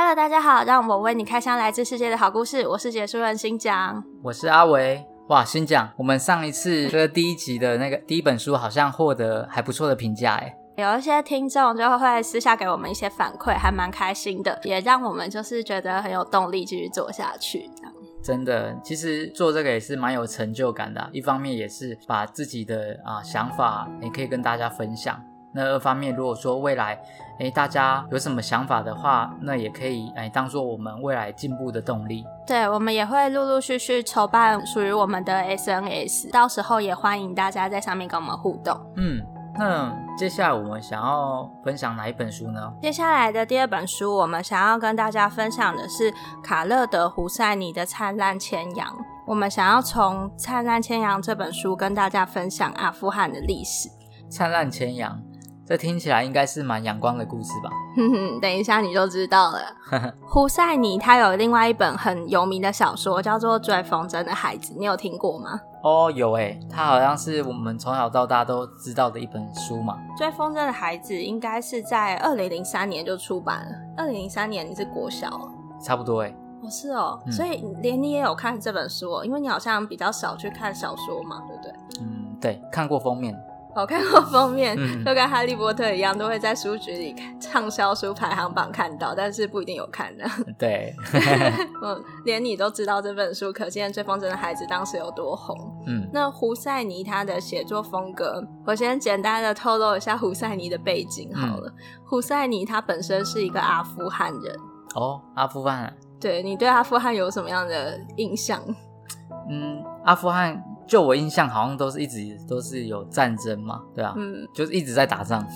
Hello，大家好，讓我為你開箱來自世界的好故事。我是說書人新講，我是阿維。哇，新講，我們上一次這個第一集的那個第一本書，好像獲得還不錯的評價，誒，有一些聽眾就會私下給我們一些反饋，還蠻開心的，也讓我們就是覺得很有動力繼續做下去。真的，其實做這個也是蠻有成就感的啊，一方面也是把自己的啊想法也可以跟大家分享。那二方面，如果說未來誒，大家有什麼想法的話，那也可以哎當做我們未來進步的動力。對，我們也會陸陸續續續籌辦屬於我們的 SNS，到時候也歡迎大家在上面跟我們互動。嗯，那接下來我們想要分享哪一本書呢？接下來的第二本書，我們想要跟大家分享的是卡勒德·胡塞尼的《燦爛千陽》。我們想要從《燦爛千陽》這本書跟大家分享阿富汗的歷史，《燦爛千陽》。這聽起來應該是蠻陽光的故事吧？哼哼，等一下你就知道了。 胡賽尼他有另外一本很有名的小說，叫做《追風箏的孩子》，你有聽過嗎？哦，有哎、欸，他好像是我們從小到大都知道的一本書嘛。《追風箏的孩子》應該是在二零零三年就出版了。二零零三年你是國小了，差不多哎、欸。哦，是哦，嗯、所以連你也有看這本書，因為你好像比較少去看小說嘛，對不對？嗯，對，看過封面。好看過封面，嗯、都跟《哈利波特》一樣，都會在書局裡暢銷書排行榜看到，但是不一定有看的。對，嗯 ，我連你都知道這本書，可見《追風箏的孩子》當時有多紅。嗯，那胡塞尼他的寫作風格，我先簡單的透露一下胡塞尼的背景好了。嗯、胡塞尼他本身是一個阿富汗人。哦，阿富汗。對，你對阿富汗有什麼樣的印象？嗯，阿富汗。就我印象，好像都是一直都是有戰爭嘛。對啊，嗯，就是一直在打仗。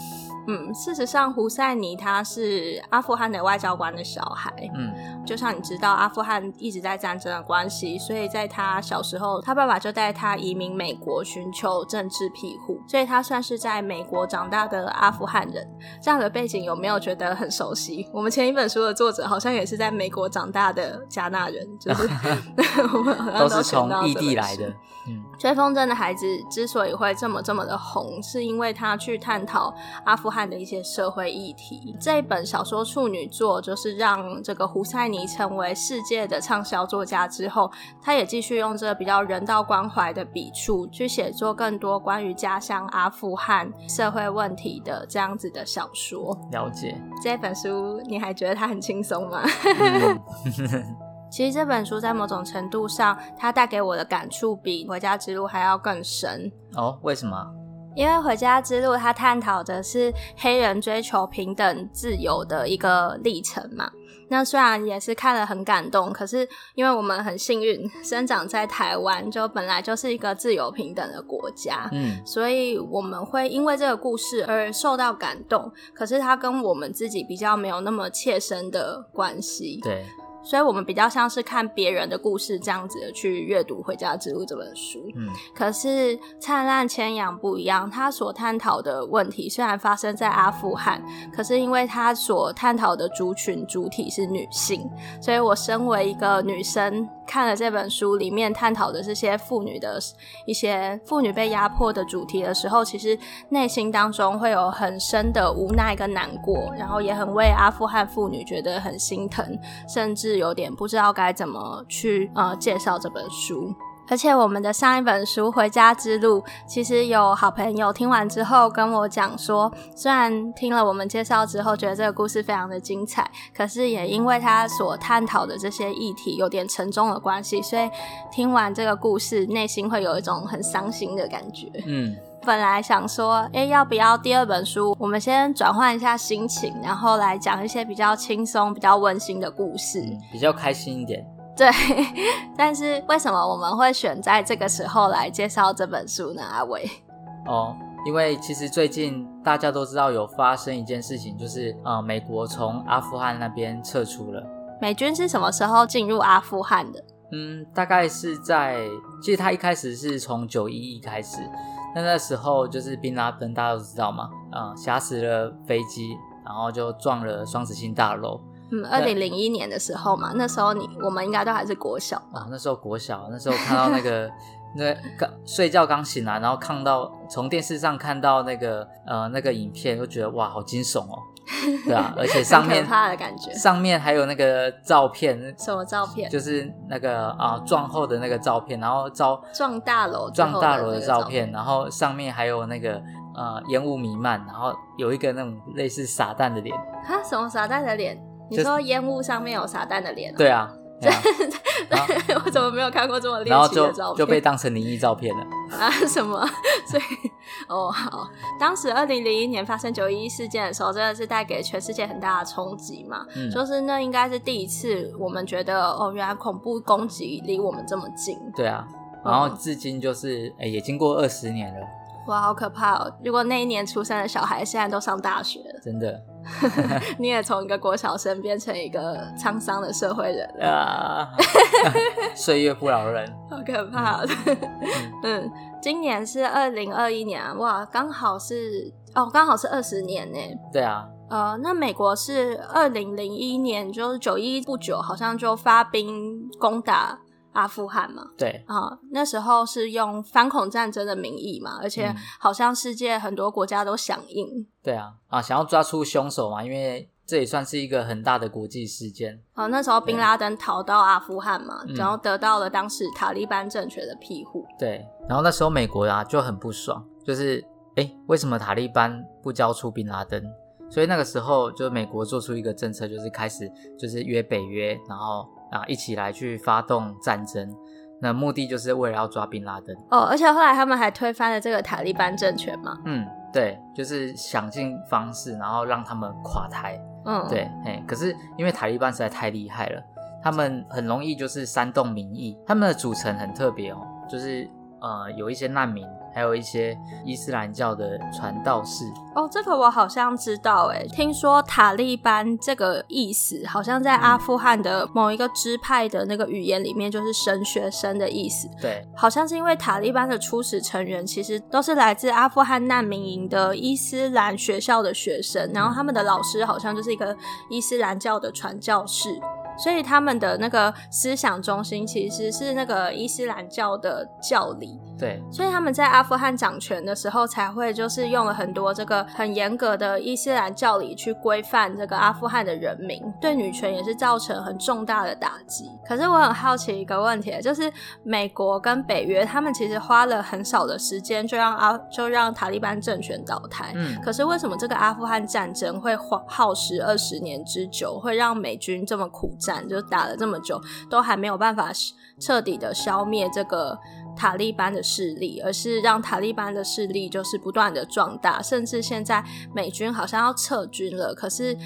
嗯，事實上，胡賽尼他是阿富汗的外交官的小孩，嗯，就像你知道，阿富汗一直在戰爭的關係，所以在他小時候，他爸爸就帶他移民美國尋求政治庇護，所以他算是在美國長大的阿富汗人。這樣的背景有沒有覺得很熟悉？我們前一本書的作者好像也是在美國長大的加納人，就是 都是從異地來的。嗯，追風箏的孩子之所以會這麼這麼的紅，是因為他去探討阿富汗的一些社會議題。這一本小說處女作就是讓這個胡賽尼成為世界的暢銷作家，之後，他也繼續用這比較人道關懷的筆觸去寫作更多關於家鄉阿富汗社會問題的這樣子的小說。了解。這本書你還覺得他很輕鬆嗎？嗯 其實這本書在某種程度上，它帶給我的感觸比《回家之路》還要更深。哦，為什麼？因為《回家之路》它探討的是黑人追求平等自由的一個歷程嘛。那雖然也是看了很感動，可是因為我們很幸運生長在台灣，就本來就是一個自由平等的國家，嗯，所以我們會因為這個故事而受到感動。可是它跟我們自己比較沒有那麼切身的關係。對。所以，我們比較像是看別人的故事這樣子的去閱讀《回家之路》這本書。嗯，可是《燦爛千陽》不一樣，它所探討的問題雖然發生在阿富汗，可是因為它所探討的族群主體是女性，所以我身為一個女生，看了這本書裡面探討的這些婦女的一些婦女被壓迫的主題的時候，其實內心當中會有很深的無奈跟難過，然後也很為阿富汗婦女覺得很心疼，甚至有點不知道該怎麼去呃介紹這本書。而且我們的上一本書《回家之路》，其實有好朋友聽完之後跟我講說，雖然聽了我們介紹之後覺得這個故事非常的精彩，可是也因為他所探討的這些議題有點沉重的關係，所以聽完這個故事，內心會有一種很傷心的感覺。嗯，本來想說，哎，要不要第二本書，我們先轉換一下心情，然後來講一些比較輕鬆、比較溫馨的故事。嗯，比較開心一點。對，但是為什麼我們會選在這個時候來介紹這本書呢？阿偉，哦，因為其實最近大家都知道有發生一件事情，就是呃、嗯，美國從阿富汗那邊撤出了。美軍是什麼時候進入阿富汗的？嗯，大概是在，其實他一開始是從九一一開始，那那時候就是賓拉登大家都知道嗎？呃、嗯，挾持了飛機，然後就撞了雙子星大樓。嗯，二零零一年的時候嘛，那時候你，我們應該都還是國小啊。那時候國小，那時候看到那個， 那個、睡覺剛醒來，然後看到從電視上看到那個呃那個影片，我覺得哇，好驚悚哦、喔。 對啊，而且上面，怕的感覺。上面還有那個照片，什麼照片？就是那個啊、嗯、撞後的那個照片，然後照撞大樓撞大樓的照片，然後上面還有那個呃煙霧彌漫，然後有一個那種類似撒旦的臉。哈？什麼撒旦的臉？你說煙霧上面有撒旦的臉、啊就對啊？對啊，對 後， 我怎麼沒有看過這麼獵奇的照片？就，就被當成靈異照片了啊？什麼？所以 哦，好，當時二零零一年發生九一一事件的時候，真的是帶給全世界很大的衝擊嘛。嗯。就是那應該是第一次，我們覺得哦，原來恐怖攻擊離我們這麼近。對啊，嗯、然後至今就是哎，也經過二十年了。哇，好可怕、哦！如果那一年出生的小孩，現在都上大學了，真的， 你也從一個國小生變成一個滄桑的社會人了、uh, 歲月不饒人，好可怕、哦。嗯， 嗯，今年是二零二一年、啊，哇，剛好是哦，剛好是二十年呢、欸。對啊，呃，那美國是二零零一年，就是九一不久，好像就發兵攻打。阿富汗嘛，對啊，那時候是用反恐戰爭的名義嘛，而且好像世界很多國家都響應、嗯。對啊，啊，想要抓出兇手嘛，因為這也算是一個很大的國際事件。啊，那時候賓拉登逃到阿富汗嘛，然後、嗯、得到了當時塔利班政權的庇護、嗯。對，然後那時候美國啊就很不爽，就是哎、欸，為什麼塔利班不交出賓拉登？所以那個時候就美國做出一個政策，就是開始就是約北約，然後。啊，一起來去發動戰爭，那目的就是為了要抓賓拉登哦。而且後來他們還推翻了這個塔利班政權嘛。嗯，對，就是想盡方式，然後讓他們垮台。嗯，對，哎，可是因為塔利班實在太厲害了，他們很容易就是煽動民意。他們的組成很特別哦，就是呃有一些難民。還有一些伊斯蘭教的傳道士哦，這個我好像知道哎、欸。聽說塔利班這個意思，好像在阿富汗的某一個支派的那個語言裡面，就是神學生的意思。嗯、對，好像是因為塔利班的初始成員其實都是來自阿富汗難民營的伊斯蘭學校的學生，然後他們的老師好像就是一個伊斯蘭教的傳教士，所以他們的那個思想中心其實是那個伊斯蘭教的教理。對，所以他們在阿富汗掌權的時候，才會就是用了很多這個很嚴格的伊斯蘭教理去規範這個阿富汗的人民，對女權也是造成很重大的打擊。可是我很好奇一個問題，就是美國跟北約他們其實花了很少的時間，就讓阿就讓塔利班政權倒台。嗯，可是為什麼這個阿富汗戰爭會耗時二十年之久，會讓美軍這麼苦戰，就打了這麼久，都還沒有辦法徹底的消滅這個塔利班的勢力，而是讓塔利班的勢力就是不斷的壯大，甚至現在美軍好像要撤軍了。可是，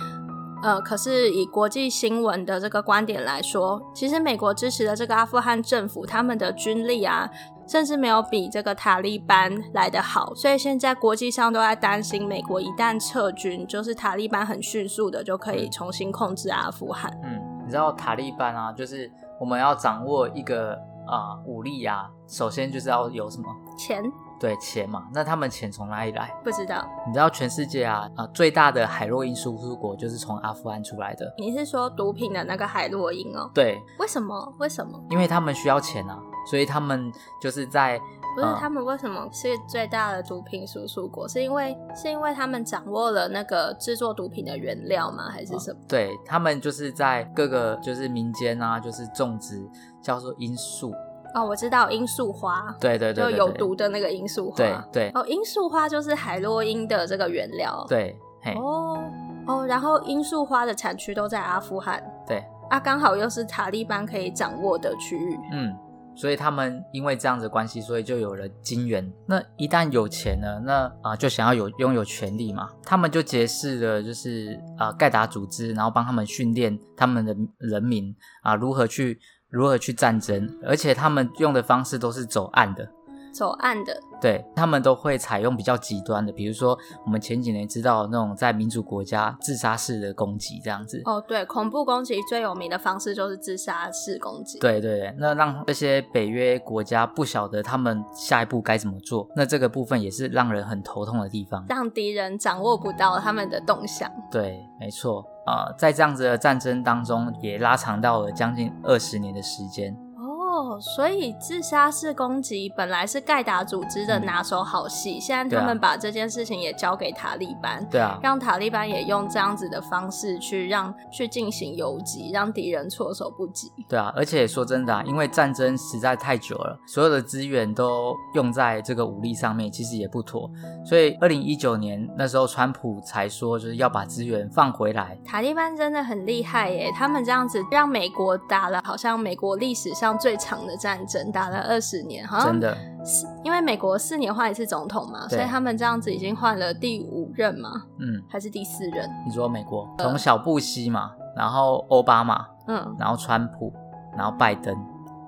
呃，可是以國際新聞的這個觀點來說，其實美國支持的這個阿富汗政府，他們的軍力啊，甚至沒有比這個塔利班來得好。所以現在國際上都在擔心，美國一旦撤軍，就是塔利班很迅速的就可以重新控制阿富汗。嗯，你知道塔利班啊，就是我們要掌握一個。啊、呃，武力啊，首先就是要有什麼？錢。對，錢嘛。那他們錢從哪裡來？不知道。你知道全世界啊啊、呃、最大的海洛因輸出國就是從阿富汗出來的。你是說毒品的那個海洛因哦？對。為什麼？為什麼？因為他們需要錢啊，所以他們就是在。不是他們為什麼是最大的毒品輸出國？嗯、是因為是因為他們掌握了那個制作毒品的原料嗎？還是什麼？哦、對，他們就是在各個就是民間啊，就是種植叫做罌粟哦。我知道罌粟花，對對，對對對，就有毒的那個罌粟花，對對，對哦，罌粟花就是海洛因的這個原料，對嘿哦哦，然後罌粟花的產區都在阿富汗，對啊，剛好又是塔利班可以掌握的區域，嗯。所以他們因為這樣子關係，所以就有了金元。那一旦有錢了，那啊就想要有擁有權力嘛，他們就結識了就是啊蓋達組織，然後幫他們訓練他們的人民啊如何去如何去戰爭，而且他們用的方式都是走暗的。手按的，對他們都會採用比較極端的，比如說我們前幾年知道那種在民主國家自殺式的攻擊這樣子。哦，對，恐怖攻擊最有名的方式就是自殺式攻擊。對對，那讓這些北約國家不曉得他們下一步該怎麼做，那這個部分也是讓人很頭痛的地方。讓敵人掌握不到他們的動向。對，沒錯啊，呃，在這樣子的戰爭當中，也拉長到了將近二十年的時間。所以自殺式攻擊本來是蓋達組織的拿手好戲，嗯、現在他們把這件事情也交給塔利班，對啊，讓塔利班也用這樣子的方式去讓去進行游擊，讓敵人措手不及。對啊，而且說真的、啊，因為戰爭實在太久了，所有的資源都用在這個武力上面，其實也不妥。所以二零一九年那時候，川普才說，就是要把資源放回來。塔利班真的很厲害耶、欸，他們這樣子讓美國打了，好像美國歷史上最。長的戰爭打了二十年，好像真的，因為美國四年換一次總統嘛，對所以他們這樣子已經換了第五任嘛，嗯，還是第四任？你說美國從小布希嘛，然後歐巴馬，嗯，然後川普，然後拜登，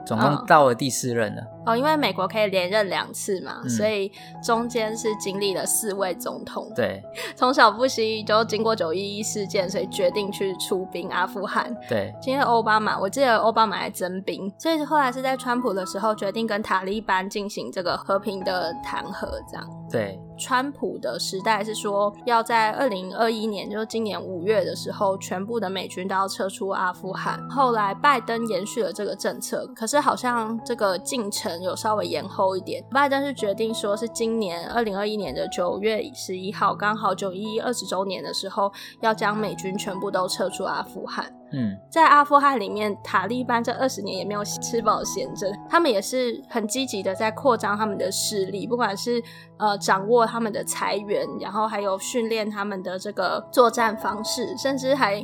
總共到了第四任了。哦哦，因為美國可以連任兩次嘛，嗯、所以中間是經歷了四位總統。對，從小不希就經過九一一事件，所以決定去出兵阿富汗。對，今天奧巴馬，我記得奧巴馬還徵兵，所以後來是在川普的時候決定跟塔利班進行這個和平的談和，這樣。對，川普的時代是說要在二零二一年，就是今年五月的時候，全部的美軍都要撤出阿富汗。後來拜登延續了這個政策，可是好像這個進程。有稍微延後一點，拜登是決定說是今年二零二一年的九月十一號，剛好九一一二十週年的時候，要將美軍全部都撤出阿富汗。嗯，在阿富汗裡面，塔利班這二十年也沒有吃飽閒着，他們也是很積極的在擴張他們的勢力，不管是、呃、掌握他們的財源，然後還有訓練他們的這個作戰方式，甚至還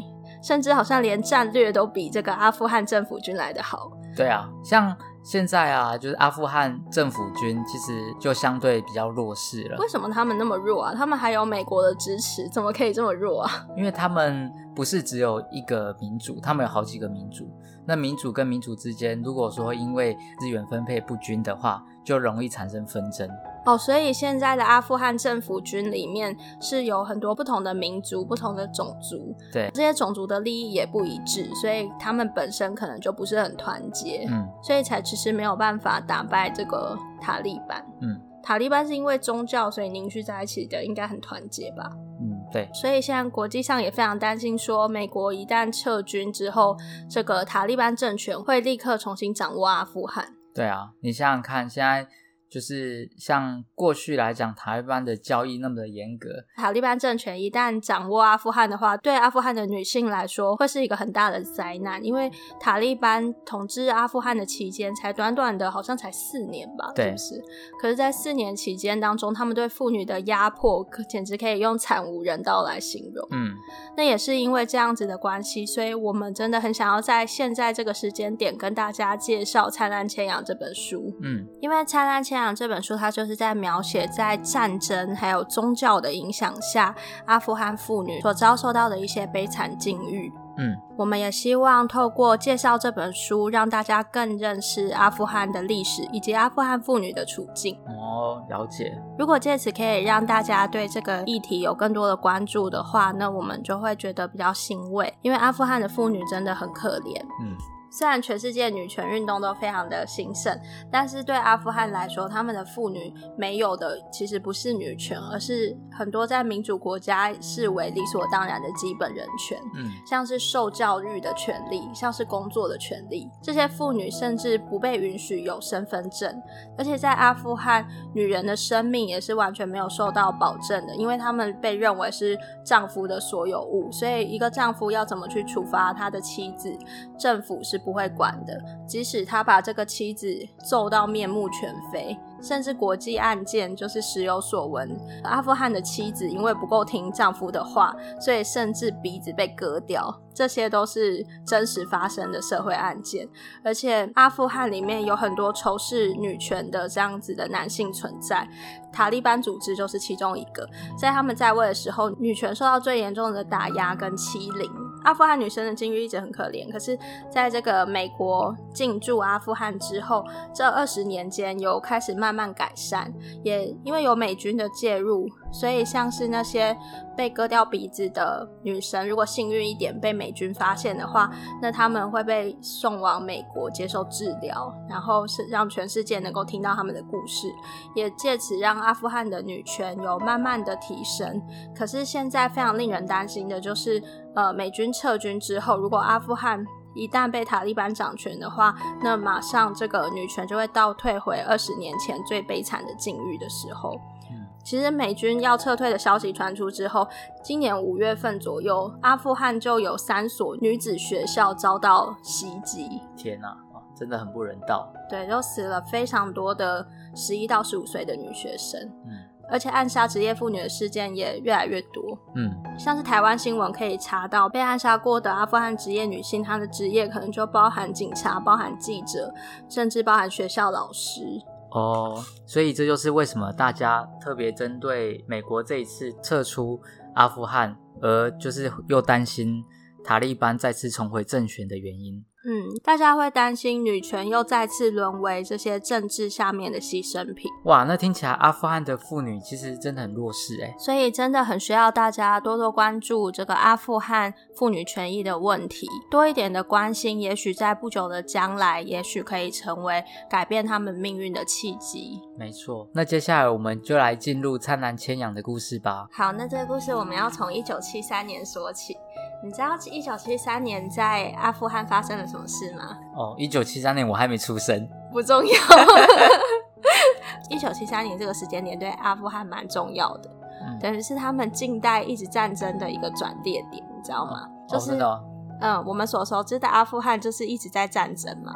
甚至好像連戰略都比這個阿富汗政府軍來得好。對啊，像。現在啊，就是阿富汗政府軍其實就相對比較弱勢了。為什麼他們那麼弱啊？他們還有美國的支持，怎麼可以這麼弱啊？因為他們不是只有一個民族，他們有好幾個民族。那民族跟民族之間，如果說因為資源分配不均的話，就容易產生紛爭。哦，所以現在的阿富汗政府軍裡面是有很多不同的民族、不同的種族，對這些種族的利益也不一致，所以他們本身可能就不是很團結，嗯，所以才遲遲沒有辦法打敗這個塔利班，嗯，塔利班是因為宗教所以凝聚在一起的，應該很團結吧，嗯，對，所以現在國際上也非常擔心，說美國一旦撤軍之後，這個塔利班政權會立刻重新掌握阿富汗，對啊，你想想看現在。就是像過去來講，塔利班的教義那麼的嚴格。塔利班政權一旦掌握阿富汗的話，對阿富汗的女性來說會是一個很大的災難，因為塔利班統治阿富汗的期間才短短的，好像才四年吧？對。是不是、就是？可是，在四年期間當中，他們對婦女的壓迫，簡直可以用慘無人道來形容。嗯。那也是因為這樣子的關係，所以我們真的很想要在現在這個時間點跟大家介紹《燦爛千陽》這本書。嗯。因為《燦爛千陽》。這本書它就是在描寫在戰爭還有宗教的影響下，阿富汗婦女所遭受到的一些悲慘境遇。嗯，我們也希望透過介紹這本書，讓大家更認識阿富汗的歷史以及阿富汗婦女的處境。哦，了解。如果借此可以讓大家對這個議題有更多的關注的話，那我們就會覺得比較欣慰，因為阿富汗的婦女真的很可憐。嗯。雖然全世界女權運動都非常的興盛，但是對阿富汗來說，他們的婦女沒有的其實不是女權，而是很多在民主國家視為理所當然的基本人權，嗯，像是受教育的權利，像是工作的權利。這些婦女甚至不被允許有身份證，而且在阿富汗，女人的生命也是完全沒有受到保證的，因為她們被認為是丈夫的所有物，所以一個丈夫要怎麼去處罰他的妻子，政府是。不會管的，即使他把這個妻子揍到面目全非，甚至國際案件就是時有所聞。阿富汗的妻子因為不夠聽丈夫的話，所以甚至鼻子被割掉，這些都是真實發生的社會案件。而且，阿富汗裡面有很多仇視女權的這樣子的男性存在，塔利班組織就是其中一個。在他們在位的時候，女權受到最嚴重的打壓跟欺凌。阿富汗女生的境遇一直很可憐，可是，在這個美國進駐阿富汗之後，這二十年間有開始慢慢改善，也因為有美軍的介入。所以，像是那些被割掉鼻子的女生，如果幸運一點被美軍發現的話，那她們會被送往美國接受治療，然後是讓全世界能夠聽到她們的故事，也借此讓阿富汗的女權有慢慢的提升。可是現在非常令人擔心的就是，呃，美軍撤軍之後，如果阿富汗一旦被塔利班掌權的話，那馬上這個女權就會倒退回二十年前最悲慘的境遇的時候。其實美軍要撤退的消息傳出之後，今年五月份左右，阿富汗就有三所女子學校遭到襲擊。天吶，啊，真的很不人道。對，都死了非常多的十一到十五歲的女學生。嗯，而且暗殺職業婦女的事件也越來越多。嗯，像是台灣新聞可以查到，被暗殺過的阿富汗職業女性，她的職業可能就包含警察、包含記者，甚至包含學校老師。哦，oh，所以這就是為什麼大家特別針對美國這一次撤出阿富汗，而就是又擔心塔利班再次重回政權的原因。嗯，大家會擔心女權又再次淪為這些政治下面的犧牲品。哇，那聽起來阿富汗的婦女其實真的很弱勢誒、欸，所以真的很需要大家多多關注這個阿富汗婦女權益的問題，多一點的關心，也許在不久的將來，也許可以成為改變他們命運的契機。沒錯，那接下來我們就來進入燦爛千陽的故事吧。好，那這個故事我們要從一九七三年說起。你知道一九七三年在阿富汗發生了什麼事嗎？哦，一九七三年我還沒出生，不重要。一九七三年這個時間點對阿富汗蠻重要的，嗯、等於是他們近代一直戰爭的一個轉捩點，你知道嗎？Oh, 就是、oh, no. 嗯，我們所熟知的阿富汗就是一直在戰爭嘛。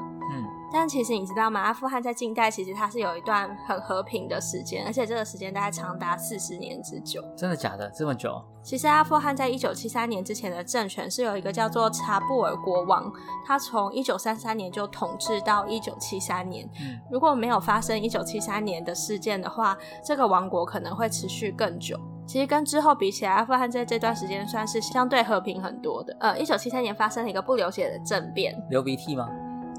但其實你知道嗎？阿富汗在近代其實它是有一段很和平的時間，而且這個時間大概長達四十年之久。真的假的？這麼久？其實阿富汗在一九七三年之前的政權是有一個叫做查布爾國王，他從一九三三年就統治到一九七三年。嗯，如果沒有發生一九七三年的事件的話，這個王國可能會持續更久。其實跟之後比起來，阿富汗在這段時間算是相對和平很多的。呃，一九七三年發生了一個不流血的政變，流鼻涕嗎？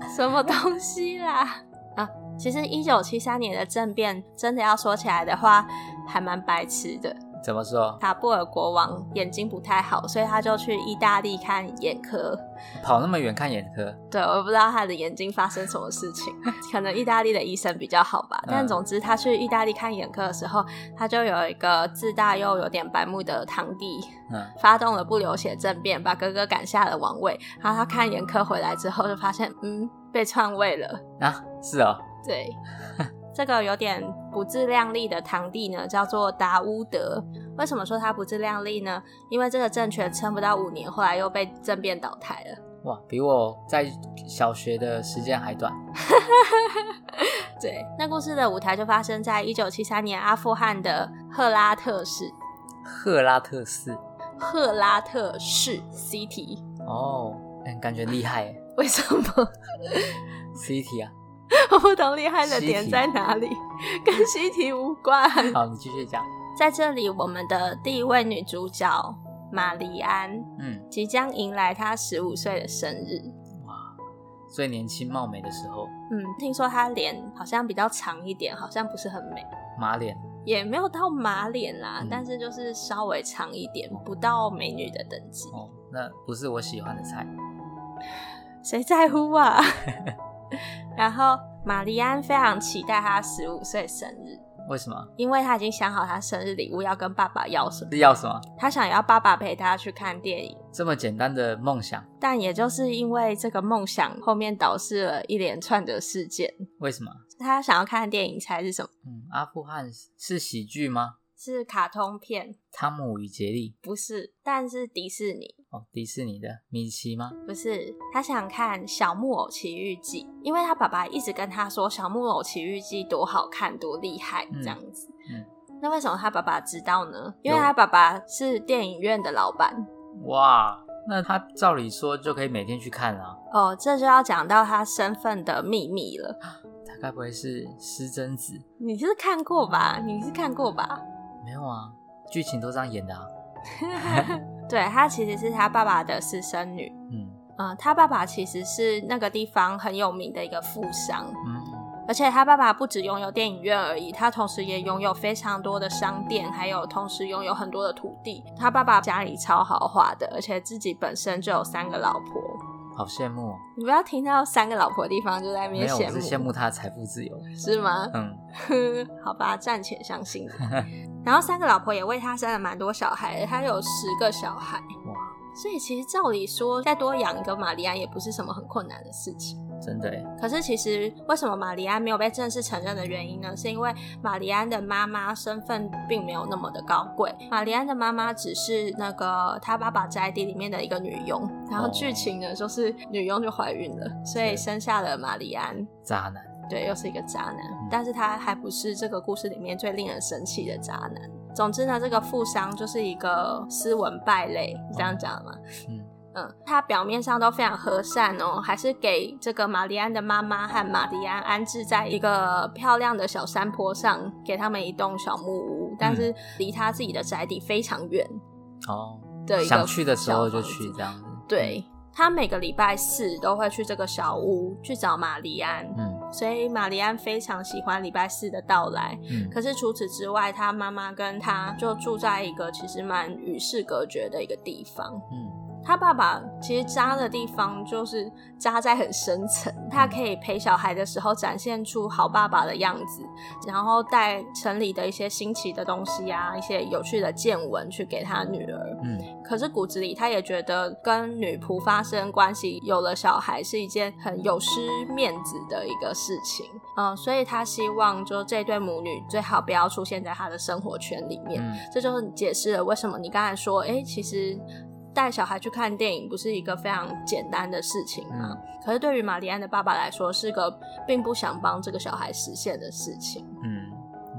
什麼東西啦？ 啊，其實一九七三年的政變，真的要說起來的話，還蠻白痴的。怎麼說？塔布爾國王眼睛不太好，所以他就去意大利看眼科。跑那麼遠看眼科？對，我不知道他的眼睛發生什麼事情， 可能意大利的醫生比較好吧。但總之，他去意大利看眼科的時候，他就有一個自大又有點白目的堂弟，嗯、發動了不流血政變，把哥哥趕下了王位。然後他看眼科回來之後，就發現，嗯，被篡位了。啊，是啊、哦，對。 這個有點不自量力的堂弟呢，叫做達烏德。為什麼說他不自量力呢？因為這個政權撐不到五年，後來又被政變倒台了。哇，比我在小學的時間還短。 對，那故事的舞台就發生在一九七三年阿富汗的赫拉特市。赫拉特市。赫拉特市 City。哦、欸，感覺厲害。為什麼 ？City 啊。我不懂厲害的點在哪裡，西體 跟習題無關。好，你繼續講。在這裡，我們的第一位女主角瑪麗安，嗯，即將迎來她十五歲的生日。哇，最年輕貌美的時候。嗯，聽說她臉好像比較長一點，好像不是很美。馬臉臉也沒有到馬臉啦，嗯、但是就是稍微長一點，不到美女的等級。哦，那不是我喜歡的菜。誰在乎啊？ 然後，瑪麗安非常期待他十五歲生日。為什麼？因為他已經想好他生日禮物要跟爸爸要什麼。要什麼？他想要爸爸陪他去看電影。這麼簡單的夢想，但也就是因為這個夢想，後面導致了一連串的事件。為什麼？他想要看電影，才是什麼？嗯，阿富汗是喜劇嗎？是卡通片《湯姆與傑利》不是，但是迪士尼哦，迪士尼的米奇嗎？不是，他想看《小木偶奇遇記》，因為他爸爸一直跟他說《小木偶奇遇記》多好看、多厲害、嗯、這樣子。嗯、那為什麼他爸爸知道呢？因為他爸爸是電影院的老闆。哇，那他照理說就可以每天去看了。哦，這就要講到他身份的秘密了。他該、啊、不會是私生子？你是看過吧？嗯、你是看過吧？嗯沒有啊，劇情都這樣演的啊。 對，他其實是他爸爸的私生女。嗯，嗯，他爸爸其實是那個地方很有名的一個富商。嗯，而且他爸爸不只擁有電影院而已，他同時也擁有非常多的商店，還有同時擁有很多的土地。他爸爸家裡超豪華的，而且自己本身就有三個老婆。好羨慕！你不要聽到三個老婆的地方就在那邊羨慕，我是羨慕他的財富自由，是嗎？嗯， 好吧，暫且相信你 然後三個老婆也為他生了蠻多小孩，他有十個小孩，哇！所以其實照理說，再多養一個瑪麗安也不是什麼很困難的事情。真的。可是其實，為什麼瑪麗安沒有被正式承認的原因呢？是因為瑪麗安的媽媽身份並沒有那麼的高貴。瑪麗安的媽媽只是那個他爸爸宅邸裡面的一個女傭。然後劇情呢，哦、就是女傭就懷孕了，所以生下了瑪麗安。渣男，對，又是一個渣男。嗯、但是他還不是這個故事裡面最令人生氣的渣男。總之呢，這個富商就是一個斯文敗類，哦、你這樣講嗎？嗯。他表面上都非常和善哦，還是給這個瑪麗安的媽媽和瑪麗安安置在一個漂亮的小山坡上，給他們一棟小木屋，但是離他自己的宅邸非常遠哦。嗯、對，想去的時候就去這樣子。對，他每個禮拜四都會去這個小屋去找瑪麗安，嗯，所以瑪麗安非常喜歡禮拜四的到來。嗯、可是除此之外，他媽媽跟他就住在一個其實蠻與世隔絕的一個地方。嗯。他爸爸其實扎的地方就是扎在很深層，他可以陪小孩的時候展現出好爸爸的樣子，然後帶城裡的一些新奇的東西啊，一些有趣的見聞去給他女兒。嗯，可是骨子裡他也覺得跟女僕發生關係，有了小孩是一件很有失面子的一個事情。嗯，所以他希望就這對母女最好不要出現在他的生活圈裡面。嗯，這就是解釋了為什麼你剛才說，誒、欸，其實。帶小孩去看電影不是一個非常簡單的事情啊，嗯、可是對於瑪麗安的爸爸來說，是個並不想幫這個小孩實現的事情。嗯，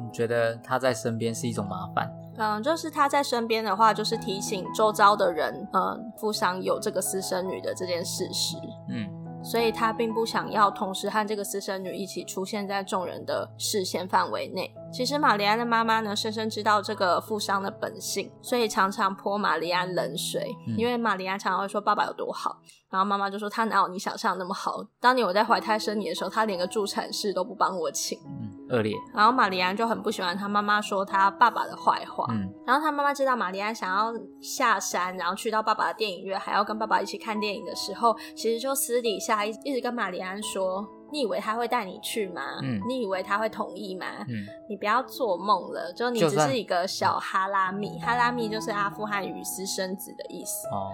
你覺得他在身邊是一種麻煩？嗯，就是他在身邊的話，就是提醒周遭的人，嗯，富商有這個私生女的這件事實。嗯，所以他並不想要同時和這個私生女一起出現在眾人的視線範圍內。其實瑪麗安的媽媽呢，深深知道這個富商的本性，所以常常潑瑪麗安冷水。嗯、因為瑪麗安常常會說爸爸有多好，然後媽媽就說他哪有你想象的那麼好。當年我在懷胎生你的時候，他連個助產士都不幫我請，嗯、惡劣。然後瑪麗安就很不喜歡她媽媽說她爸爸的壞話。嗯、然後她媽媽知道瑪麗安想要下山，然後去到爸爸的電影院，還要跟爸爸一起看電影的時候，其實就私底下一一直跟瑪麗安說。你以為他會帶你去嗎？嗯、你以為他會同意嗎？嗯、你不要做夢了！就你只是一個小哈拉米，算哈拉米就是阿富汗語私生子的意思。哦，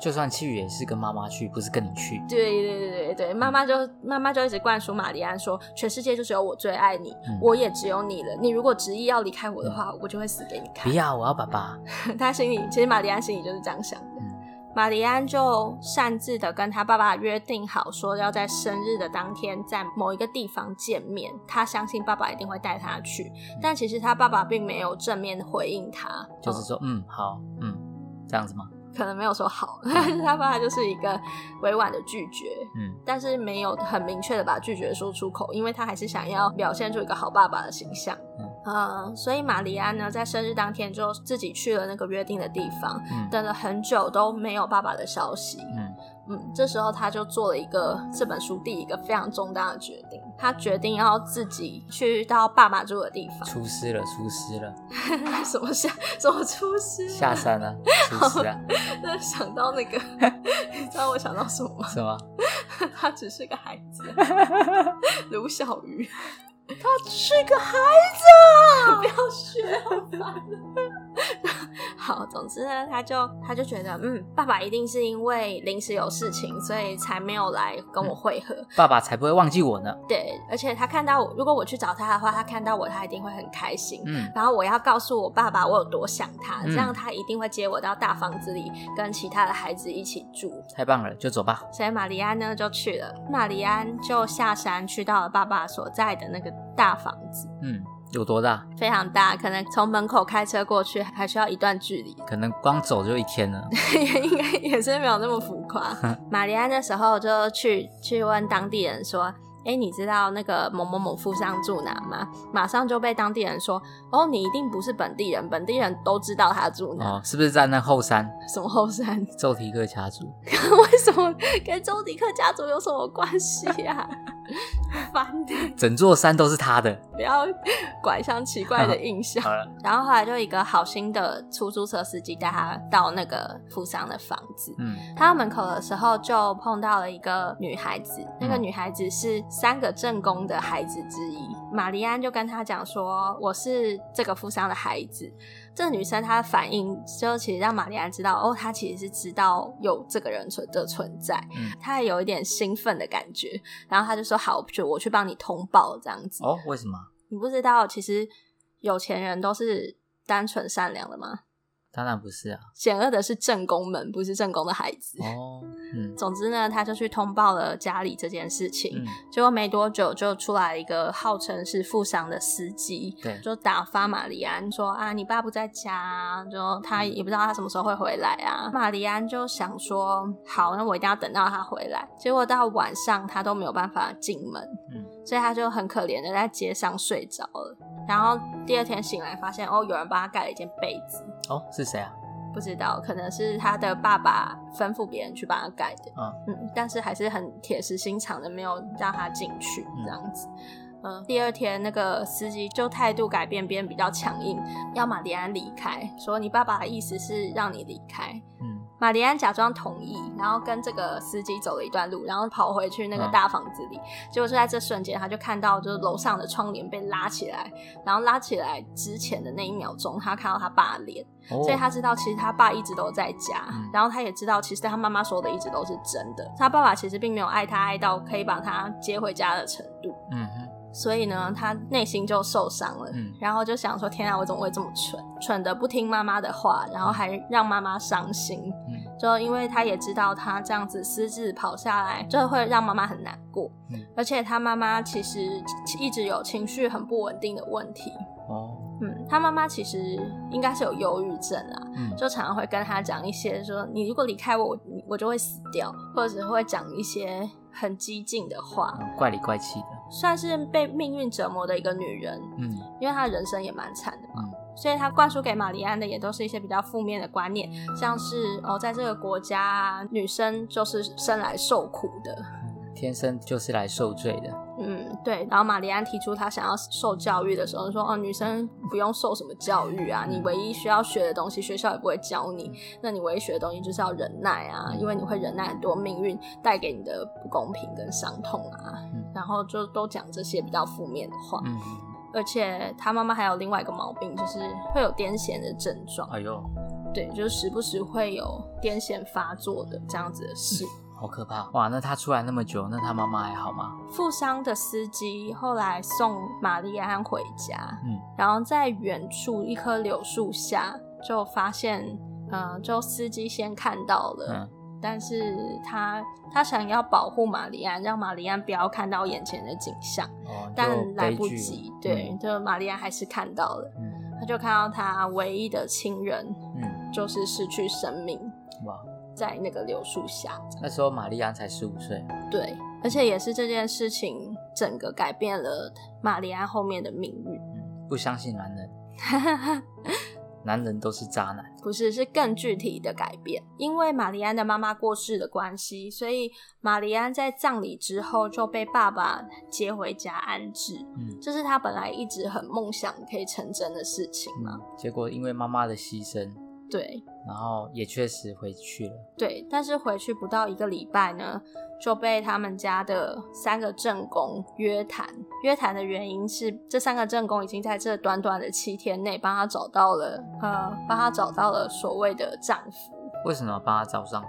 就算去也是跟媽媽去，不是跟你去。對對對對對，對對對嗯、媽媽就媽媽就一直灌輸瑪麗安說，全世界就只有我最愛你，嗯、我也只有你了。你如果執意要離開我的話，嗯、我就會死給你看。不要，我要爸爸。他 心裡其實瑪麗安心裡就是這樣想的。嗯瑪麗安就擅自的跟他爸爸約定好，說要在生日的當天在某一個地方見面。他相信爸爸一定會帶他去，但其實他爸爸並沒有正面回應他，就是說，嗯，好，嗯，這樣子嗎？可能沒有說好，他爸爸就是一個委婉的拒絕，嗯，但是沒有很明確的把拒絕說出口，因為他還是想要表現出一個好爸爸的形象，嗯，嗯，所以瑪麗安呢，在生日當天就自己去了那個約定的地方，嗯，等了很久都沒有爸爸的消息，嗯，嗯。嗯，這時候他就做了一個這本書第一個非常重大的決定，他決定要自己去到爸爸住的地方。出師了，出師了， 什麼下，什麼出師了？下山了，出師啊！那想到那個，你 知道我想到什麼嗎？什麼？他只是個孩子，盧小魚，他只是個孩子，不要學我 好，總之呢，他就他就覺得，嗯，爸爸一定是因為臨時有事情，所以才沒有來跟我會合。嗯、爸爸才不會忘記我呢。對，而且他看到我，如果我去找他的話，他看到我，他一定會很開心。嗯。然後我要告訴我爸爸我有多想他，嗯、這樣他一定會接我到大房子裡跟其他的孩子一起住。太棒了，就走吧。所以瑪麗安呢就去了，瑪麗安就下山去到了爸爸所在的那個大房子。嗯。有多大？非常大，可能從門口開車過去還需要一段距離，可能光走就一天了。也 應該也是沒有那麼浮誇。瑪麗安那時候就去去問當地人說：“哎、欸，你知道那個某某某富商住哪嗎？”馬上就被當地人說：“哦、喔，你一定不是本地人，本地人都知道他住哪，哦、是不是在那後山？什麼後山？周迪克家族可 為什麼跟周迪克家族有什麼關係呀、啊？” 翻天， 整座山都是他的。 不要拐上奇怪的印象、啊。然後後來就一個好心的出租車司機帶他到那個富商的房子。嗯，他到門口的時候就碰到了一個女孩子，嗯、那個女孩子是三個正宮的孩子之一。瑪麗安就跟他講說：“我是這個富商的孩子。”這個女生她的反應就其實讓瑪麗安知道，哦，她其實是知道有這個人存的存在，嗯、她也有一點興奮的感覺。然後她就說：“好，就我，我去幫你通報這樣子。”哦，為什麼？你不知道，其實有錢人都是單純善良的嗎？當然不是啊！險惡的是正宮們，不是正宮的孩子哦。嗯，總之呢，他就去通報了家裡這件事情。嗯，結果沒多久就出來一個號稱是富商的司機，對，就打發瑪麗安說：“啊，你爸不在家啊，就他也不知道他什麼時候會回來啊。嗯”瑪麗安就想說：“好，那我一定要等到他回來。”結果到晚上他都沒有辦法進門，嗯，所以他就很可憐的在街上睡着了。然後第二天醒來發現，哦，有人幫他蓋了一件被子。哦，是誰啊？不知道，可能是他的爸爸吩咐別人去幫他蓋的。嗯、啊、嗯，但是還是很鐵石心腸的，沒有讓他進去這樣子。嗯，嗯，第二天那個司機就態度改變，變比較強硬，要馬里安離開，說你爸爸的意思是讓你離開。嗯。瑪麗安假裝同意，然後跟這個司機走了一段路，然後跑回去那個大房子裡。嗯、結果就在這瞬間，他就看到就是樓上的窗簾被拉起來，然後拉起來之前的那一秒鐘，他看到他爸的臉，哦、所以他知道其實他爸一直都在家。嗯、然後他也知道，其實他媽媽說的一直都是真的。他爸爸其實並沒有愛他愛到可以把他接回家的程度。嗯。所以呢，他內心就受傷了，嗯、然後就想說：天啊，我怎麼會這麼蠢？蠢得不聽媽媽的話，然後還讓媽媽傷心。嗯、就因為他也知道，他這樣子私自跑下來，就會讓媽媽很難過。嗯、而且他媽媽其實一直有情緒很不穩定的問題。嗯，他媽媽其實應該是有憂鬱症啦，嗯、就常常會跟他講一些說，你如果離開我，我，我就會死掉，或者會講一些很激進的話，怪裡怪氣的，算是被命運折磨的一個女人。嗯，因為她的人生也蠻慘的嘛，嗯、所以她灌輸給瑪麗安的也都是一些比較負面的觀念，像是哦，在這個國家，啊，女生就是生來受苦的，天生就是來受罪的。嗯，對。然後瑪麗安提出她想要受教育的時候，說：“哦，女生不用受什麼教育啊，你唯一需要學的東西，學校也不會教你。那你唯一學的東西就是要忍耐啊，因為你會忍耐很多命運帶給你的不公平跟傷痛啊。嗯”然後就都講這些比較負面的話。嗯嗯。而且她媽媽還有另外一個毛病，就是會有癲癇的症狀。哎呦，對，就是時不時會有癲癇發作的這樣子的事。嗯好可怕。哇，那他出來那麼久，那他媽媽還好嗎？富商的司機後來送瑪麗安回家，嗯，然後在遠處一棵柳樹下就發現，嗯、呃，就司機先看到了，嗯、但是他他想要保護瑪麗安，讓瑪麗安不要看到眼前的景象，哦、但來不及，對，嗯、就瑪麗安還是看到了，嗯、他就看到他唯一的親人，嗯，就是失去生命。在那個柳樹下，那時候瑪麗安才十五歲。對，而且也是這件事情整個改變了瑪麗安後面的命運。嗯，不相信男人， 男人都是渣男。不是，是更具體的改變。因為瑪麗安的媽媽過世的關係，所以瑪麗安在葬禮之後就被爸爸接回家安置。嗯、這是他本來一直很夢想可以成真的事情嘛、嗯。結果因為媽媽的犧牲。對，然後也確實回去了。對，但是回去不到一個禮拜呢，就被他們家的三個正宮約談。約談的原因是，這三個正宮已經在這短短的七天內幫他找到了，呃，幫他找到了所謂的丈夫。為什麼要幫他找丈夫？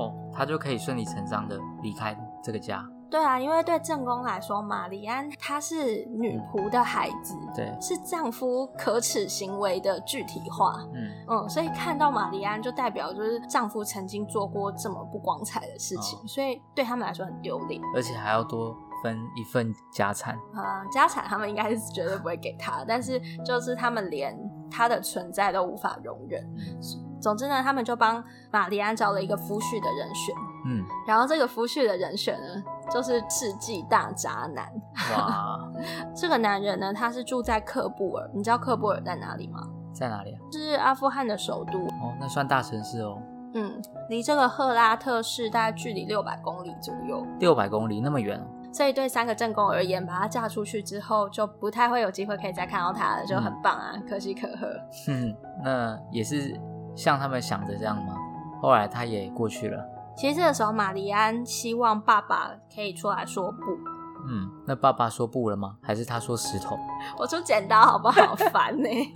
哦，他就可以順理成章的離開這個家。對啊，因為對正宮來說，瑪麗安她是女僕的孩子，嗯、對，是丈夫可恥行為的具體化。嗯嗯，所以看到瑪麗安就代表就是丈夫曾經做過這麼不光彩的事情，哦、所以對他們來說很丟臉，而且還要多分一份家產啊、嗯，家產他們應該是絕對不會給他，但是就是他們連他的存在都無法容忍。嗯、總之呢，他們就幫瑪麗安找了一個夫婿的人選。嗯，然後這個夫婿的人選呢，就是世紀大渣男。 哇，嗯、這個男人呢，他是住在喀布爾。你知道喀布爾在哪裡嗎？在哪裡啊？是阿富汗的首都。哦，那算大城市哦。嗯，離這個赫拉特市大概距離六百公里左右。六百公里那麼遠，所以對三個正宮而言，把他嫁出去之後，就不太會有機會可以再看到他了，就很棒啊，嗯、可喜可賀。那也是像他們想着這樣嗎？後來他也過去了。其實這個時候，瑪麗安希望爸爸可以出來說不。嗯，那爸爸說不了嗎？還是他說石頭？我出剪刀，好不好煩、欸？好煩呢。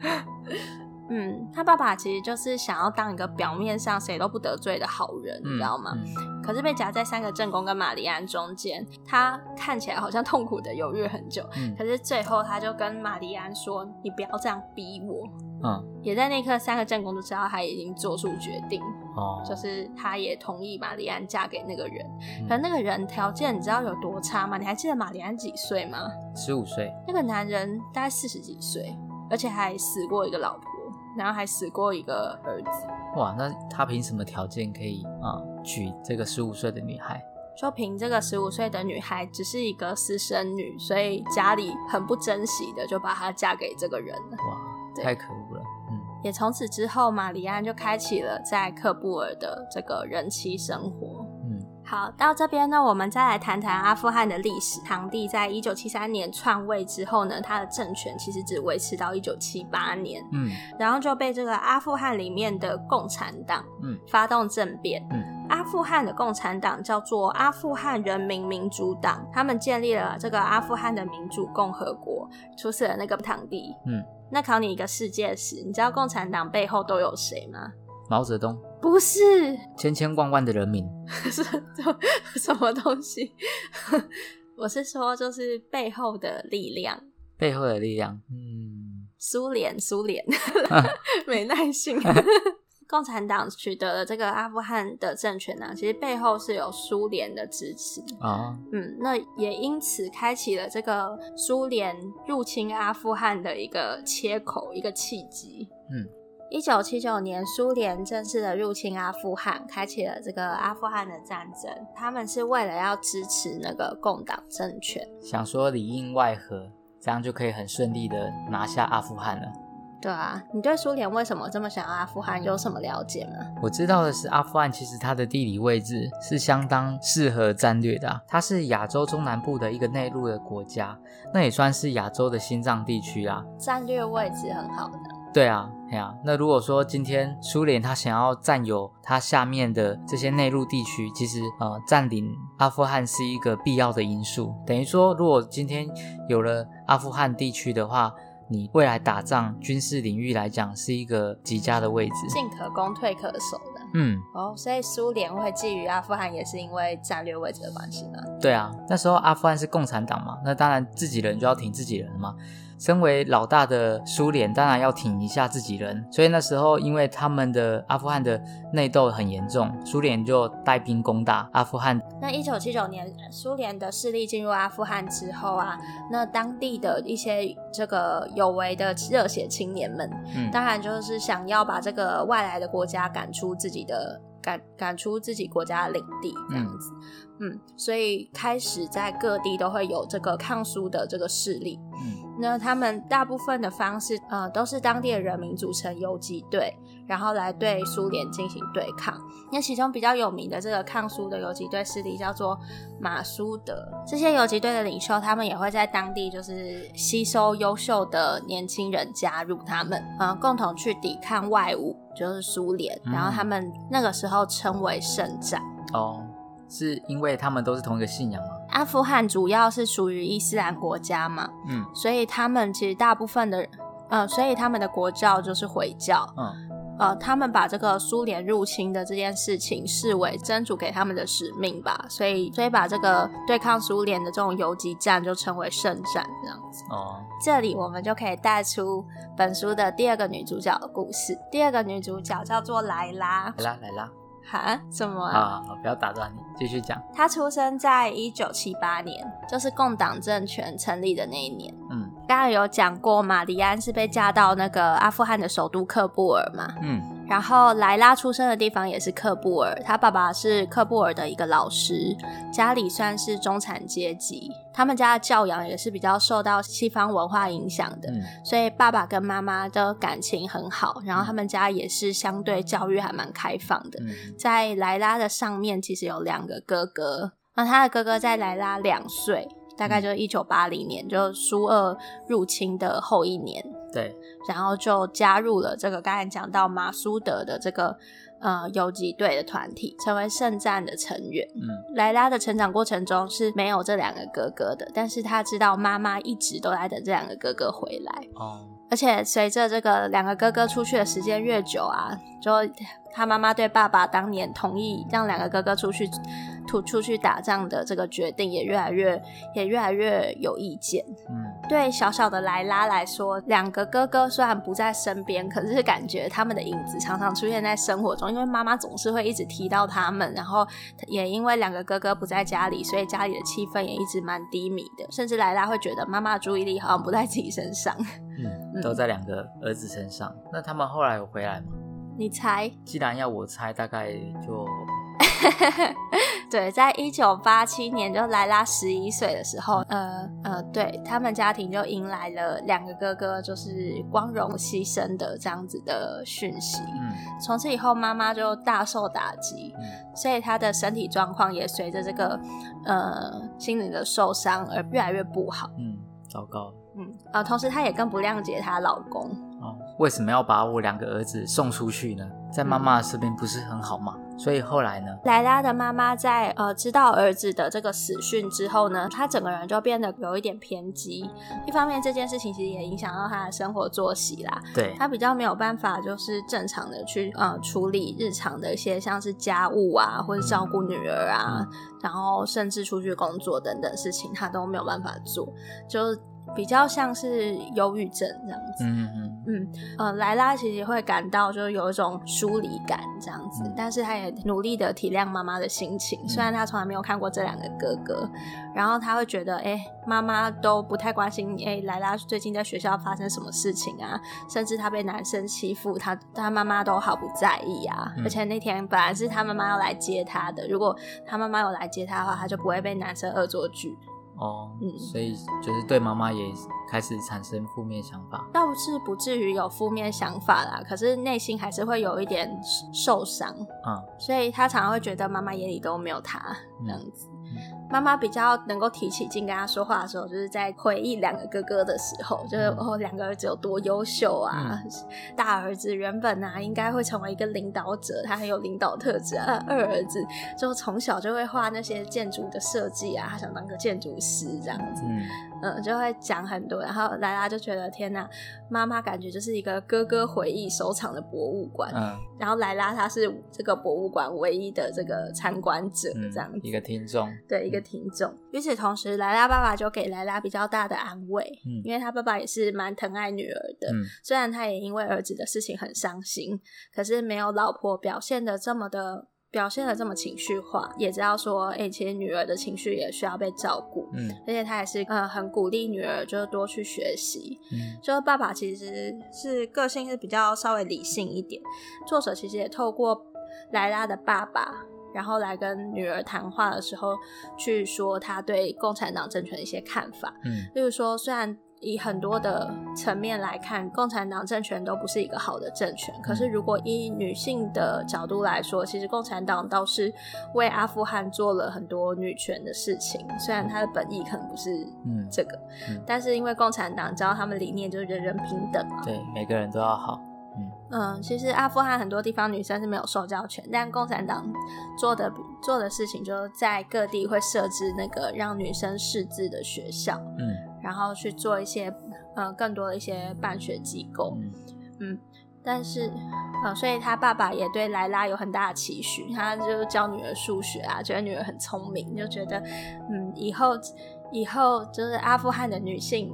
嗯，他爸爸其實就是想要當一個表面上誰都不得罪的好人，嗯、你知道嗎？嗯、可是被夾在三個正宮跟瑪麗安中間，他看起來好像痛苦地猶豫很久。嗯、可是最後，他就跟瑪麗安說：“你不要這樣逼我。”嗯，也在那刻，三個正宮都知道他已經做出決定，哦，就是他也同意瑪麗安嫁給那個人。嗯，可那個人條件你知道有多差嗎？你還記得瑪麗安幾歲嗎？十五歲。那個男人大概四十幾歲，而且還死過一個老婆，然後還死過一個兒子。哇，那他憑什麼條件可以啊娶這個十五歲的女孩？就憑這個十五歲的女孩只是一個私生女，所以家裡很不珍惜的就把她嫁給這個人了。哇，對太可惡。也從此之後，馬里安就開啟了在喀布爾的這個人妻生活。嗯，好，到這邊呢，我們再來談談阿富汗的歷史。堂弟在一九七三年篡位之後呢，他的政權其實只維持到一九七八年。嗯，然後就被這個阿富汗裡面的共產黨嗯發動政變。嗯。嗯阿富汗的共產黨叫做阿富汗人民民主黨，他們建立了這個阿富汗的民主共和國，出現了那個堂弟。嗯，那考你一個世界史，你知道共產黨背後都有誰嗎？毛澤東不是千千萬萬的人民是什 什麼東西？ 我是說，就是背後的力量，背後的力量。嗯，蘇聯，蘇聯， 沒耐性。啊 共產黨取得了這個阿富汗的政權呢，其實背後是有蘇聯的支持啊，哦、嗯，那也因此開啟了這個蘇聯入侵阿富汗的一個切口，一個契機。嗯，一九七九年，蘇聯正式的入侵阿富汗，開啟了這個阿富汗的戰爭。他們是為了要支持那個共黨政權，想說裡應外合，這樣就可以很順利的拿下阿富汗了。嗯對啊，你對蘇聯為什麼這麼想要阿富汗有什麼了解嗎？我知道的是，阿富汗其實它的地理位置是相當適合戰略的啊。它是亞洲中南部的一個內陸的國家，那也算是亞洲的心臟地區啊。戰略位置很好的。對啊，對啊，那如果說今天蘇聯它想要占有它下面的這些內陸地區，其實，呃，占領阿富汗是一個必要的因素。等於說，如果今天有了阿富汗地區的話。你未來打仗軍事領域來講，是一個極佳的位置，進可攻退可守的。嗯，哦，所以蘇聯會覬覦阿富汗，也是因為戰略位置的關係呢。對啊，那時候阿富汗是共產黨嘛，那當然自己人就要挺自己人嘛。身為老大的蘇聯當然要挺一下自己人，所以那時候因為他們的阿富汗的內鬥很嚴重，蘇聯就帶兵攻打阿富汗。那一九七九年蘇聯的勢力進入阿富汗之後啊，那當地的一些這個有為的熱血青年們，嗯，當然就是想要把這個外來的國家趕出自己的。趕趕出自己國家領地這樣子，嗯，嗯，所以開始在各地都會有這個抗蘇的這個勢力，嗯，那他們大部分的方式，呃，都是當地的人民組成游擊隊。然後來對蘇聯進行對抗，那其中比較有名的這個抗蘇的游擊隊勢力叫做馬蘇德。這些游擊隊的領袖，他們也會在當地就是吸收優秀的年輕人加入他們，嗯，共同去抵抗外侮，就是蘇聯。然後他們那個時候稱為聖戰、嗯、哦，是因為他們都是同一個信仰嗎？阿富汗主要是屬於伊斯蘭國家嘛，嗯，所以他們其實大部分的人，嗯、呃，所以他們的國教就是回教，嗯。呃，他們把這個蘇聯入侵的這件事情視為真主給他們的使命吧，所以所以把這個對抗蘇聯的這種游擊戰就稱為聖戰這樣子。哦，這裡我們就可以帶出本書的第二個女主角的故事。第二個女主角叫做萊拉，萊拉，萊拉，哈？什麼啊？不要打斷你，繼續講。她出生在一九七八年，就是共黨政權成立的那一年。嗯。剛剛有講過，瑪麗安是被嫁到那個阿富汗的首都喀布爾嘛？嗯，然後萊拉出生的地方也是喀布爾，他爸爸是喀布爾的一個老師，家裡算是中產階級，他們家的教養也是比較受到西方文化影響的，嗯、所以爸爸跟媽媽的感情很好，然後他們家也是相對教育還蠻開放的。嗯、在萊拉的上面其實有兩個哥哥，那他的哥哥在萊拉兩歲。大概就是一九八零年，嗯、就蘇俄入侵的後一年。對，然後就加入了這個剛才講到馬蘇德的這個呃游擊隊的團體，成為聖戰的成員。嗯，萊拉的成長過程中是沒有這兩個哥哥的，但是她知道媽媽一直都在等這兩個哥哥回來。哦，而且隨着這個兩個哥哥出去的時間越久啊，就她媽媽對爸爸當年同意讓兩個哥哥出去。出去打仗的這個決定也越來越也越來越有意見。嗯，對小小的萊拉來說，兩個哥哥雖然不在身邊，可是，是感覺他們的影子常常出現在生活中，因為媽媽總是會一直提到他們。然後也因為兩個哥哥不在家裡，所以家裡的氣氛也一直蠻低迷的。甚至萊拉會覺得媽媽的注意力好像不在自己身上。嗯，都在兩個兒子身上。那他們後來有回來嗎？你猜？既然要我猜，大概就。 對，在一九八七年，就萊拉十一歲的時候，呃呃，對，他們家庭就迎來了兩個哥哥就是光榮犧牲的這樣子的訊息。嗯，從此以後，媽媽就大受打擊，所以她的身體狀況也隨着這個呃心靈的受傷而越來越不好。嗯，糟糕。嗯啊，呃，同時她也更不諒解她老公。為什麼要把我兩個兒子送出去呢？在媽媽身邊不是很好嗎？嗯、所以後來呢，萊拉的媽媽在呃知道兒子的這個死訊之後呢，她整個人就變得有一點偏激。一方面，這件事情其實也影響到她的生活作息啦，對她比較沒有辦法，就是正常的去呃處理日常的一些像是家務啊，或者照顧女兒啊，嗯、然後甚至出去工作等等事情，她都沒有辦法做。就比較像是憂鬱症這樣子，嗯嗯嗯嗯，呃，萊拉其實會感到就是有一種疏離感這樣子，嗯、但是她也努力的體諒媽媽的心情，嗯、雖然她從來沒有看過這兩個哥哥，然後她會覺得，哎、欸，媽媽都不太關心，哎、欸，萊拉最近在學校發生什麼事情啊？甚至她被男生欺負，她她媽媽都毫不在意啊。嗯、而且那天本來是她媽媽要來接她的，如果她媽媽有來接她的話，她就不會被男生惡作劇。哦，oh, 嗯，所以就是對媽媽也開始產生負面想法，倒是不至於有負面想法啦，可是內心還是會有一點受傷啊，嗯，所以他常常會覺得媽媽眼裡都沒有他這樣子。嗯媽媽比較能夠提起勁跟他說話的時候，就是在回憶兩個哥哥的時候，就是哦，兩個兒子有多優秀啊！嗯、大兒子原本啊應該會成為一個領導者，他很有領導特質啊。二兒子就從小就會畫那些建築的設計啊，他想當個建築師這樣子，嗯，嗯，就會講很多。然後萊拉就覺得天哪，媽媽感覺就是一個哥哥回憶收藏的博物館，嗯，然後萊拉他是這個博物館唯一的這個參觀者，這樣子，嗯，一個聽眾，對一個。聽眾。與此同時，萊拉爸爸就給萊拉比較大的安慰，嗯，因為他爸爸也是蠻疼愛女兒的。嗯，雖然他也因為兒子的事情很傷心，可是沒有老婆表現得這麼的，表現得這麼情緒化，也知道說，哎、欸，其實女兒的情緒也需要被照顧。嗯，而且他也是，呃，很鼓勵女兒就是多去學習。嗯，所以爸爸其實是，是個性是比較稍微理性一點。作者其實也透過萊拉的爸爸。然後來跟女兒談話的時候，去說他對共產黨政權的一些看法。嗯，例如說，雖然以很多的層面來看，共產黨政權都不是一個好的政權，嗯、可是如果以女性的角度來說，其實共產黨倒是為阿富汗做了很多女權的事情。雖然他的本意可能不是嗯這個，嗯嗯，但是因為共產黨知道他們理念就是人人平等嘛，啊，對，每個人都要好。嗯，其實阿富汗很多地方女生是沒有受教權，但共產黨做的做的事情，就是在各地會設置那個讓女生識字的學校，嗯，然後去做一些嗯、呃、更多的一些辦學機構，嗯，嗯，但是呃，所以他爸爸也對萊拉有很大的期許，他就教女兒數學啊，覺得女兒很聰明，就覺得嗯，以後以後就是阿富汗的女性，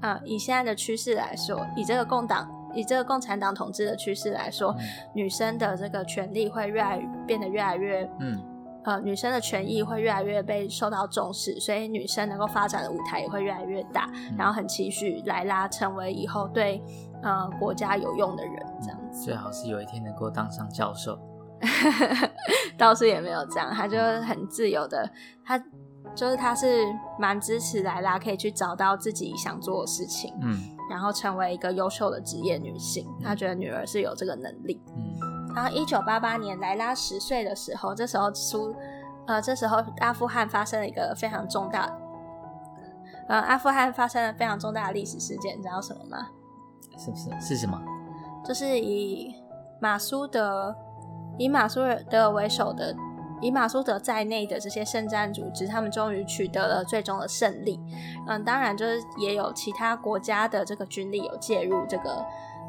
啊、呃，以現在的趨勢來說，以這個共黨。以這個共產黨統治的趨勢來說，嗯、女生的這個權利會越來變得越來越，嗯，呃，女生的權益會越來越被受到重視，所以女生能夠發展的舞台也會越來越大。嗯、然後很期許萊拉成為以後對呃國家有用的人，這樣子。最好是有一天能夠當上教授， 倒是也沒有這樣，他就很自由的，他就是他是蠻支持萊拉可以去找到自己想做的事情，嗯。然後成為一個優秀的職業女性，她覺得女兒是有這個能力。嗯，然後一九八八年萊拉十歲的時候，這時候蘇，呃，這時候阿富汗發生了一個非常重大，呃，阿富汗發生了非常重大的歷史事件，你知道什麼嗎？是不是？是什麼？就是以馬蘇德，以馬蘇爾德為首的。以馬蘇德在內的這些聖戰組織，他們終於取得了最終的勝利。嗯，當然就是也有其他國家的這個軍力有介入這個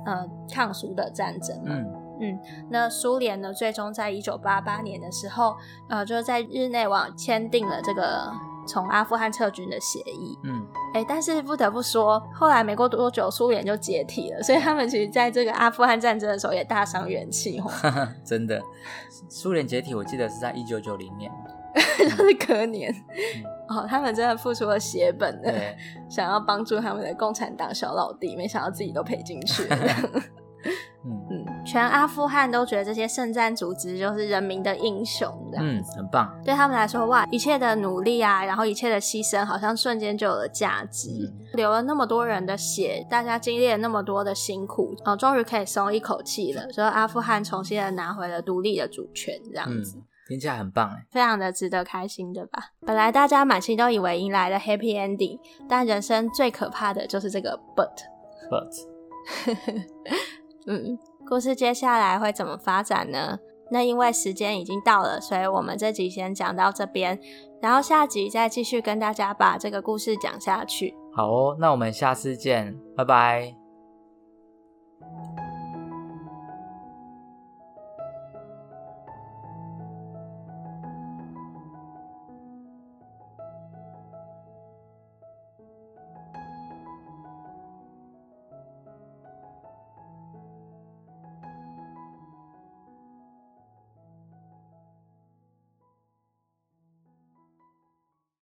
呃、嗯、抗蘇的戰爭嘛。嗯，嗯，那蘇聯呢，最終在一九八八年的時候，呃，就是在日內瓦簽訂了這個。從阿富汗撤軍的協議，嗯，哎、欸，但是不得不說，後來沒過多久，蘇聯就解體了，所以他們其實在這個阿富汗戰爭的時候也大傷元氣哈， 真的，蘇聯解體，我記得是在一九九零年， 就是隔年、嗯、哦，他們真的付出了血本的，嗯、想要幫助他們的共產黨小老弟，沒想到自己都賠進去了。 嗯全阿富汗都覺得這些聖戰組織就是人民的英雄，嗯，很棒。對他們來說，哇，一切的努力啊，然後一切的犧牲，好像瞬間就有了價值。嗯，流了那麼多人的血，大家經歷了那麼多的辛苦，哦，終於可以鬆一口氣了。所以阿富汗重新的拿回了獨立的主權，這樣子聽起來很棒，哎，非常的值得開心，對吧？本來大家滿心都以為迎來了 happy ending，但人生最可怕的就是這個 but，but，but. 嗯。故事接下來會怎麼發展呢？那因為時間已經到了，所以我們這集先講到這邊，然後下集再繼續跟大家把這個故事講下去。好哦，那我們下次見，拜拜。